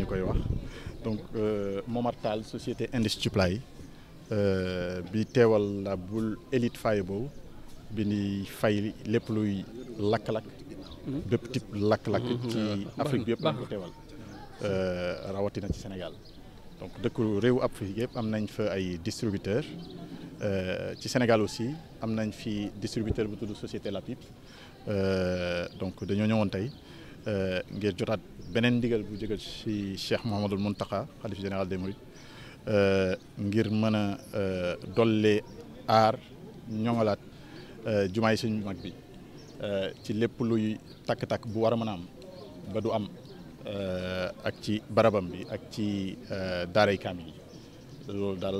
ñu koy wax donc euh, Momar société Industiply euh, bi teewal la boule élite Fayabo bi ni fay lépp luy lakk-lakk. bépp type lakk-lakk. Mhm. ci Afrique bi yëpp a ko teewal. Euh, rawatina ci Sénégal donc dëkku réewu Afrique yëpp am nañ fa ay distributeurs. Euh, ci Sénégal aussi am nañ fi distributeur bu tudd société La euh, donc dañoo ñëwoon tey euh, ngir jotaat beneen ndigal bu jóge ci Cheikh Mouhamadul Mountakha xalif général des Mourides ngir mën a dolli aar ñoŋalaat jumaay suñu mag bi ci lépp luy takk-takk bu war a mën a am ba du am ak ci barabam bi ak ci daaray kaamil yi loolu daal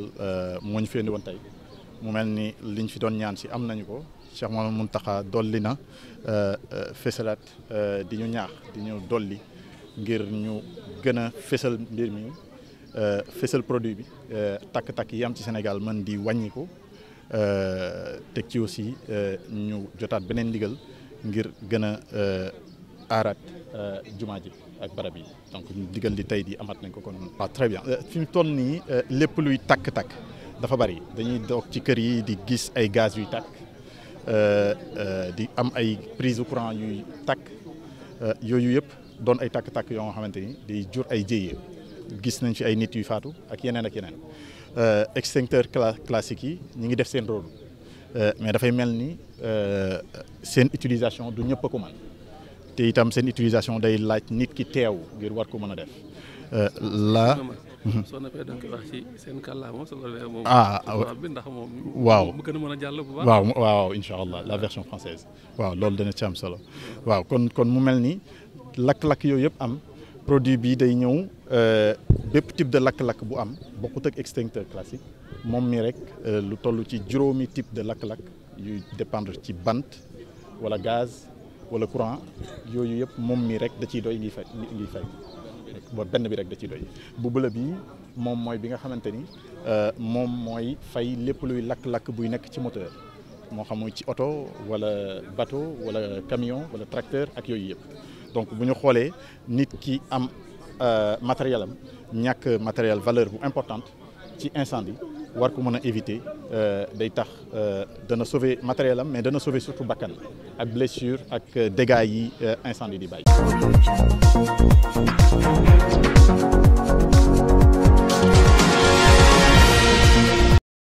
moo ñu fi indi woon tey. mu mel ni liñ fi doon ñaan si am nañu ko Cheikh mun Mountakha dolli na euh, euh, fësalaat euh, di ñu ñaax di ñu dolli ngir ñu gën a fësal mbir mi fësal produit bi takk-takk yi am ci Sénégal mën di wàññiku teg ci aussi ñu jotaat beneen ndigal ngir gën a aaraat jumaa ji ak barab yi donk ndigal li tey di amaat nañ ko kon. waaw très bien fi mu toll nii lépp luy takk-takk. dafa bari dañuy doog ci kër yi di gis ay gaz yuy tàkk euh, euh, di am ay prise de courant yuy takk euh, yooyu yëpp doon ay takk takk yoo nga xamante ni di jur ay jéyee gis nañ fi ay nit yuy faatu ak yeneen ak yeneen extincteur classique yi ñu ngi def seen rôle mais dafay mel ni seen utilisation du ñëpp a ko mën te itam seen utilisation day laaj nit ki teew ngir war ko mën a def la Mhm. soo noppee da nga koy seen kàllaama su ko defee ndax moom. waaw mu gën a mën waaw waaw incha allah la version française waaw loolu dana ci am solo waaw kon kon mu mel ni lakk-lakk yooyu yëpp am produit bii day ñëw euh, bépp type de lakk-lakk bu am bokkut ak extincteur classique moom mi rek euh, lu toll ci juróomi type de lakk-lakk yuy dépendre ci bant wala gaz wala courant yooyu yëpp moom mi rek da ciy doy ngi fay ngi fay. bon benn bi rek da ci doy bu bëla bii moom mooy bi nga xamante ni euh, moom mooy fay lépp luy lakk-lakk buy nekk ci moteur moo xam ci oto wala bateau wala camion wala tracteur ak yooyu yëpp donc bu ñu xoolee nit ki am euh, matériel am ñàkk matériel valeur bu important ci incendie war ko mën a éviter euh, day tax dana sauver matériel am mais dana sauver surtout bakkan ak blessure ak dégâts yi incendie di bàyyi